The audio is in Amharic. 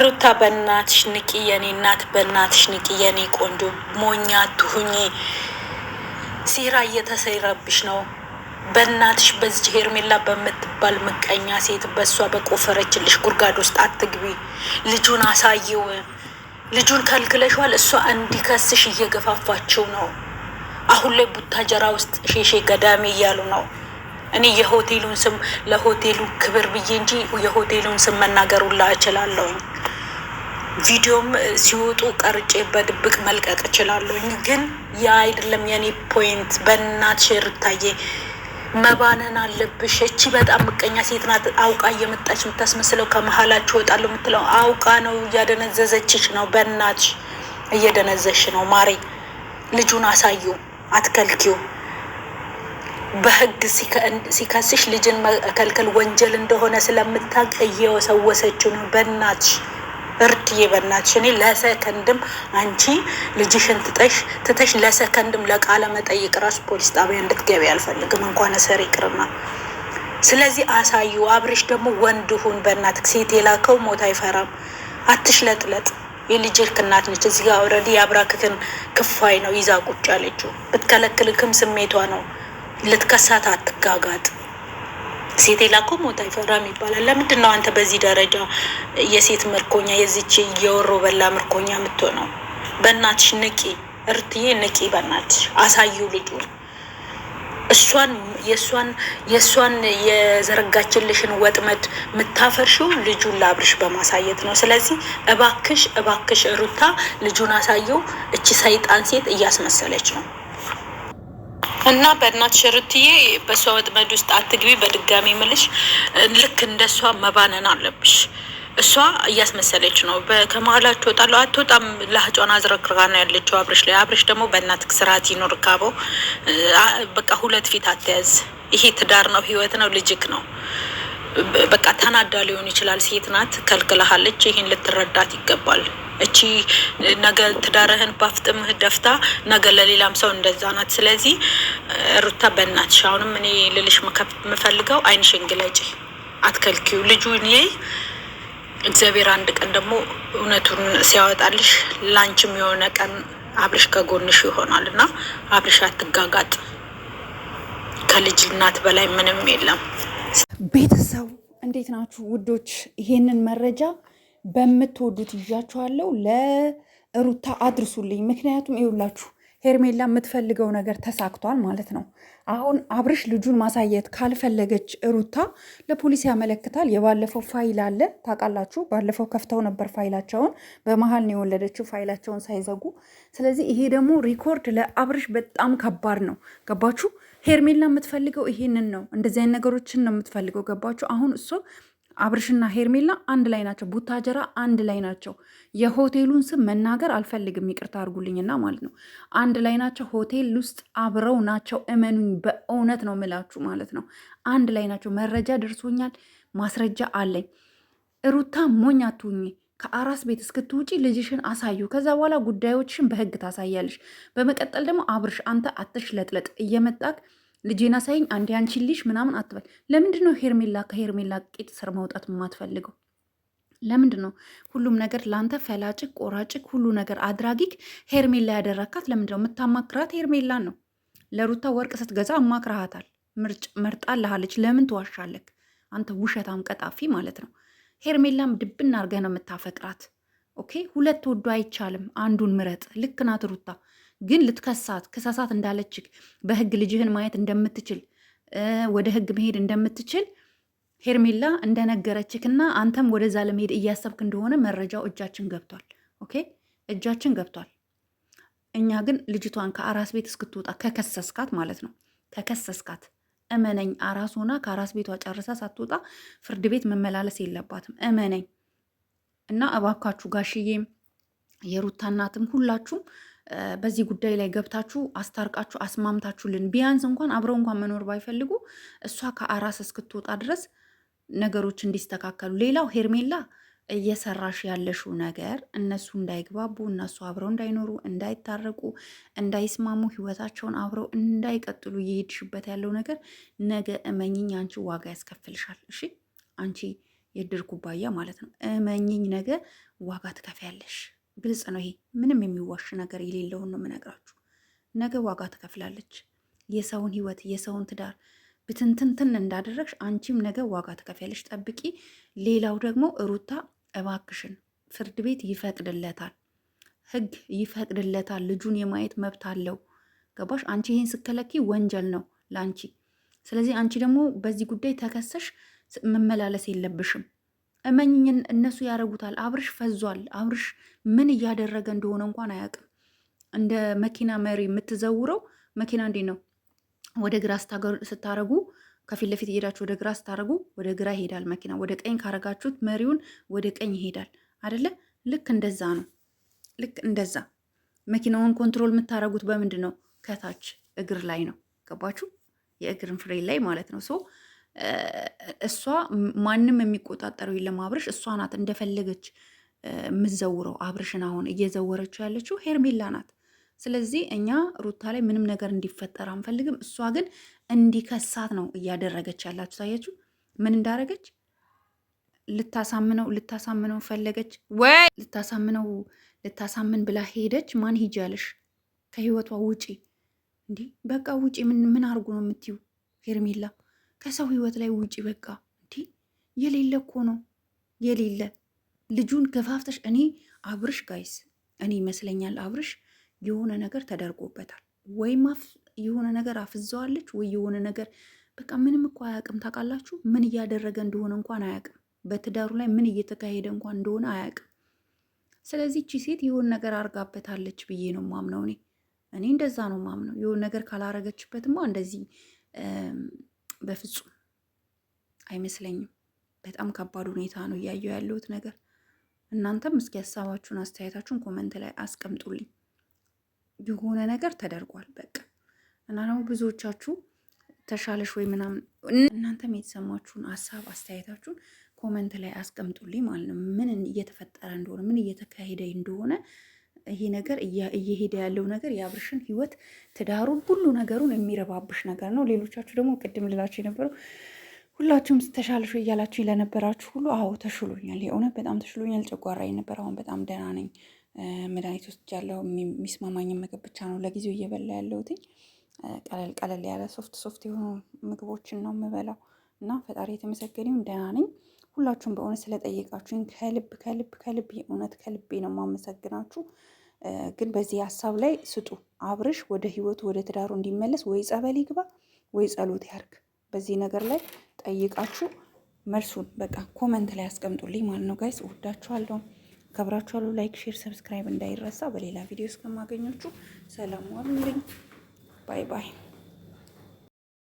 ሩታ በእናትሽ ንቂ፣ የኔ እናት በእናትሽ ንቂ፣ የኔ ቆንጆ ሞኛ ትሁኚ። ሴራ እየተሰራብሽ ነው። በእናትሽ በዚህ ሄርሜላ በምትባል ምቀኛ ሴት በእሷ በቆፈረችልሽ ጉድጓድ ውስጥ አትግቢ። ልጁን አሳየው። ልጁን ከልክለሽዋል። እሷ እንዲከስሽ እየገፋፋችው ነው። አሁን ላይ ቡታጀራ ውስጥ ሼሼ ገዳሜ እያሉ ነው። እኔ የሆቴሉን ስም ለሆቴሉ ክብር ብዬ እንጂ የሆቴሉን ስም መናገሩላ እችላለሁኝ። ቪዲዮም ሲወጡ ቀርጬ በድብቅ መልቀቅ እችላለሁኝ። ግን ያ አይደለም የኔ ፖይንት። በእናትሽ ሩታዬ መባነን አለብሽ። እቺ በጣም ምቀኛ ሴት ናት። አውቃ እየመጣች የምታስመስለው ከመሀላችሁ እወጣለሁ የምትለው አውቃ ነው። እያደነዘዘችሽ ነው። በእናትሽ እየደነዘሽ ነው። ማሬ ልጁን አሳዩ፣ አትከልኪው። በህግ ሲከስሽ ልጅን መከልከል ወንጀል እንደሆነ ስለምታቅ እየወሰወሰችው ነው። በናትሽ እርድዬ፣ በናትሽ እኔ ለሰከንድም አንቺ ልጅሽን ትጠሽ ትተሽ ለሰከንድም ለቃለ መጠይቅ ራሱ ፖሊስ ጣቢያ እንድትገቢ አልፈልግም፣ እንኳን ሰር ይቅርና ስለዚህ አሳዩ። አብርሽ ደግሞ ወንድ ሁን በእናትህ። ሴት የላከው ሞት አይፈራም። አትሽለጥለጥ። የልጅህ እናት ነች። እዚህ ጋ ኦልሬዲ የአብራክህን ክፋይ ነው ይዛ ቁጭ ያለችው። ብትከለክልክም ስሜቷ ነው። ልትከሳት አትጋጋጥ። ሴት የላኮ ሞት አይፈራም ይባላል። ለምንድን ነው አንተ በዚህ ደረጃ የሴት ምርኮኛ የዚች የወሮ በላ ምርኮኛ የምትሆነው? በእናትሽ ንቂ፣ እርትዬ ንቂ፣ በእናትሽ አሳዩ ልጁ እሷን የእሷን የእሷን የዘረጋችልሽን ወጥመድ የምታፈርሽው ልጁን ላብርሽ በማሳየት ነው። ስለዚህ እባክሽ እባክሽ ሩታ ልጁን አሳየው። እቺ ሰይጣን ሴት እያስመሰለች ነው። እና በእናት ሽርትዬ በእሷ ወጥመድ ውስጥ አትግቢ። በድጋሚ ምልሽ ልክ እንደ እሷ መባነን አለብሽ። እሷ እያስመሰለች ነው። ከመሀላችሁ ወጣለሁ አትወጣም። ላህጫን አዝረክርጋ ነው ያለችው አብረሽ ላይ። አብረሽ ደግሞ በእናትህ ስርዓት ይኖር ካቦ በቃ ሁለት ፊት አትያዝ። ይሄ ትዳር ነው፣ ህይወት ነው፣ ልጅክ ነው። በቃ ተናዳ ሊሆን ይችላል። ሴት ናት፣ ከልክልሃለች። ይህን ልትረዳት ይገባል። እቺ ነገ ትዳርህን ባፍጥምህ ደፍታ ነገ ለሌላም ሰው እንደዛ ናት። ስለዚህ ሩታ በእናትሽ አሁንም እኔ ልልሽ የምፈልገው ዓይንሽን ግለጪ፣ አትከልኪው ልጁን ይ እግዚአብሔር አንድ ቀን ደግሞ እውነቱን ሲያወጣልሽ ላንቺም የሆነ ቀን አብርሽ ከጎንሽ ይሆናል እና አብርሽ አትጋጋጥ። ከልጅ እናት በላይ ምንም የለም። ቤተሰቡ እንዴት ናችሁ ውዶች? ይሄንን መረጃ በምትወዱት ይዣችኋለሁ። ለሩታ አድርሱልኝ። ምክንያቱም ይውላችሁ? ሄርሜላ የምትፈልገው ነገር ተሳክቷል ማለት ነው። አሁን አብርሽ ልጁን ማሳየት ካልፈለገች ሩታ ለፖሊስ ያመለክታል። የባለፈው ፋይል አለ ታውቃላችሁ። ባለፈው ከፍተው ነበር ፋይላቸውን፣ በመሀል ነው የወለደችው ፋይላቸውን ሳይዘጉ። ስለዚህ ይሄ ደግሞ ሪኮርድ ለአብርሽ በጣም ከባድ ነው። ገባችሁ? ሄርሜላ የምትፈልገው ይሄንን ነው። እንደዚህ አይነት ነገሮችን ነው የምትፈልገው። ገባችሁ? አሁን እሱ አብርሽና ሄርሜላ አንድ ላይ ናቸው። ቡታጀራ አንድ ላይ ናቸው። የሆቴሉን ስም መናገር አልፈልግም፣ ይቅርታ አድርጉልኝና ማለት ነው። አንድ ላይ ናቸው። ሆቴል ውስጥ አብረው ናቸው። እመኑኝ፣ በእውነት ነው ምላችሁ ማለት ነው። አንድ ላይ ናቸው። መረጃ ደርሶኛል፣ ማስረጃ አለኝ። እሩታ ሞኝ አትሁኝ። ከአራስ ቤት እስክትውጪ ልጅሽን አሳዩ። ከዛ በኋላ ጉዳዮችሽን በህግ ታሳያለሽ። በመቀጠል ደግሞ አብርሽ አንተ ለጥለጥ እየመጣክ ልጄና ሳይኝ አንድ አንቺን ምናምን አትበል። ለምንድን ነው ሄርሜላ ከሄርሜላ ቂጥ ስር መውጣት የማትፈልገው? ለምንድን ነው ሁሉም ነገር ለአንተ ፈላጭክ ቆራጭቅ ሁሉ ነገር አድራጊክ ሄርሜላ ያደረካት? ለምንድን ነው የምታማክራት? ሄርሜላን ነው ለሩታ ወርቅ ስትገዛ አማክረሃታል። መርጣልሃለች። ለምን ትዋሻለክ? አንተ ውሸታም ቀጣፊ ማለት ነው። ሄርሜላም ድብና አድርገህ ነው የምታፈቅራት። ኦኬ፣ ሁለት ወዶ አይቻልም። አንዱን ምረጥ። ልክ ናት ሩታ ግን ልትከሳት ክሰሳት እንዳለችክ በህግ ልጅህን ማየት እንደምትችል ወደ ህግ መሄድ እንደምትችል ሄርሜላ እንደነገረችክና አንተም ወደዛ ለመሄድ እያሰብክ እንደሆነ መረጃው እጃችን ገብቷል። ኦኬ እጃችን ገብቷል። እኛ ግን ልጅቷን ከአራስ ቤት እስክትወጣ ከከሰስካት ማለት ነው ከከሰስካት እመነኝ አራስ ሆና ከአራስ ቤቷ ጨርሳ ሳትወጣ ፍርድ ቤት መመላለስ የለባትም። እመነኝ እና እባካችሁ ጋሽዬም የሩታ እናትም ሁላችሁም በዚህ ጉዳይ ላይ ገብታችሁ አስታርቃችሁ አስማምታችሁልን ቢያንስ እንኳን አብረው እንኳን መኖር ባይፈልጉ እሷ ከአራስ እስክትወጣ ድረስ ነገሮች እንዲስተካከሉ። ሌላው ሄርሜላ እየሰራሽ ያለሽው ነገር እነሱ እንዳይግባቡ እነሱ አብረው እንዳይኖሩ እንዳይታረቁ እንዳይስማሙ ህይወታቸውን አብረው እንዳይቀጥሉ እየሄድሽበት ያለው ነገር ነገ እመኝኝ አንቺ ዋጋ ያስከፍልሻል። እሺ አንቺ የድር ኩባያ ማለት ነው። እመኝኝ ነገ ዋጋ ትከፍያለሽ። ግልጽ ነው። ይሄ ምንም የሚዋሽ ነገር የሌለውን ነው የምነግራችሁ። ነገ ዋጋ ትከፍላለች። የሰውን ህይወት የሰውን ትዳር ብትንትንትን እንዳደረግሽ አንቺም ነገ ዋጋ ትከፍያለሽ። ጠብቂ። ሌላው ደግሞ ሩታ እባክሽን ፍርድ ቤት ይፈቅድለታል፣ ህግ ይፈቅድለታል። ልጁን የማየት መብት አለው። ገባሽ? አንቺ ይህን ስከለኪ ወንጀል ነው ለአንቺ። ስለዚህ አንቺ ደግሞ በዚህ ጉዳይ ተከሰሽ መመላለስ የለብሽም። እመኝኝን እነሱ ያደርጉታል። አብርሽ ፈዟል። አብርሽ ምን እያደረገ እንደሆነ እንኳን አያውቅም። እንደ መኪና መሪ የምትዘውረው መኪና እንዴ ነው። ወደ ግራ ስታረጉ ከፊት ለፊት እየሄዳችሁ ወደ ግራ ስታረጉ ወደ ግራ ይሄዳል መኪና። ወደ ቀኝ ካረጋችሁት መሪውን ወደ ቀኝ ይሄዳል አደለ? ልክ እንደዛ ነው። ልክ እንደዛ መኪናውን ኮንትሮል የምታረጉት በምንድን ነው? ከታች እግር ላይ ነው። ገባችሁ? የእግርን ፍሬ ላይ ማለት ነው። እሷ ማንም የሚቆጣጠረው የለም። አብርሽ እሷ ናት እንደፈለገች የምትዘውረው። አብርሽን አሁን እየዘወረችው ያለችው ሄርሜላ ናት። ስለዚህ እኛ ሩታ ላይ ምንም ነገር እንዲፈጠር አንፈልግም። እሷ ግን እንዲከሳት ነው እያደረገች ያላችሁ። ታያችሁ ምን እንዳደረገች። ልታሳምነው ልታሳምነው ፈለገች ወይ ልታሳምነው ልታሳምን ብላ ሄደች። ማን ሂጂ ያለሽ? ከህይወቷ ውጪ እንዲህ በቃ ውጪ። ምን አርጉ ነው የምትዩ ሄርሜላ ከሰው ህይወት ላይ ውጪ። በቃ እንዲህ የሌለ እኮ ነው የሌለ ልጁን ገፋፍተሽ እኔ አብርሽ ጋይስ እኔ ይመስለኛል አብርሽ የሆነ ነገር ተደርጎበታል። ወይም የሆነ ነገር አፍዘዋለች ወይ የሆነ ነገር በቃ ምንም እኮ አያውቅም። ታውቃላችሁ ምን እያደረገ እንደሆነ እንኳን አያውቅም። በትዳሩ ላይ ምን እየተካሄደ እንኳን እንደሆነ አያውቅም። ስለዚህ እቺ ሴት የሆነ ነገር አርጋበታለች ብዬ ነው ማምነው። እኔ እኔ እንደዛ ነው ማምነው። የሆነ ነገር ካላረገችበትማ እንደዚህ በፍጹም አይመስለኝም። በጣም ከባድ ሁኔታ ነው እያየው ያለሁት ነገር። እናንተም እስኪ ሀሳባችሁን አስተያየታችሁን ኮመንት ላይ አስቀምጡልኝ። የሆነ ነገር ተደርጓል በቃ እና ደግሞ ብዙዎቻችሁ ተሻለሽ ወይ ምናምን እናንተም የተሰማችሁን ሀሳብ አስተያየታችሁን ኮመንት ላይ አስቀምጡልኝ ማለት ነው። ምን እየተፈጠረ እንደሆነ ምን እየተካሄደ እንደሆነ ይሄ ነገር እየሄደ ያለው ነገር የአብርሽን ህይወት፣ ትዳሩን፣ ሁሉ ነገሩን የሚረባብሽ ነገር ነው። ሌሎቻችሁ ደግሞ ቅድም ልላችሁ የነበረው ሁላችሁም ስተሻልሾ እያላችሁ ለነበራችሁ ሁሉ አዎ ተሽሎኛል፣ የእውነት በጣም ተሽሎኛል። ጨጓራ ነበር፣ አሁን በጣም ደህና ነኝ። መድኃኒት ያለው የሚስማማኝን ምግብ ብቻ ነው ለጊዜው እየበላ ያለውትኝ ቀለል ቀለል ያለ ሶፍት ሶፍት የሆኑ ምግቦችን ነው የምበላው እና ፈጣሪ የተመሰገነውን ደህና ነኝ። ሁላችሁም በእውነት ስለጠየቃችሁኝ ከልብ ከልብ ከልብ የእውነት ከልቤ ነው የማመሰግናችሁ። ግን በዚህ ሀሳብ ላይ ስጡ። አብርሽ ወደ ህይወቱ ወደ ትዳሩ እንዲመለስ ወይ ጸበል ይግባ ወይ ጸሎት ያርግ። በዚህ ነገር ላይ ጠይቃችሁ መልሱን በቃ ኮመንት ላይ አስቀምጡልኝ ማለት ነው። ጋይስ እወዳችኋለሁ፣ ከብራችኋለሁ። ላይክ፣ ሼር፣ ሰብስክራይብ እንዳይረሳ። በሌላ ቪዲዮ እስከማገኛችሁ ሰላም ዋሉልኝ። ባይ ባይ።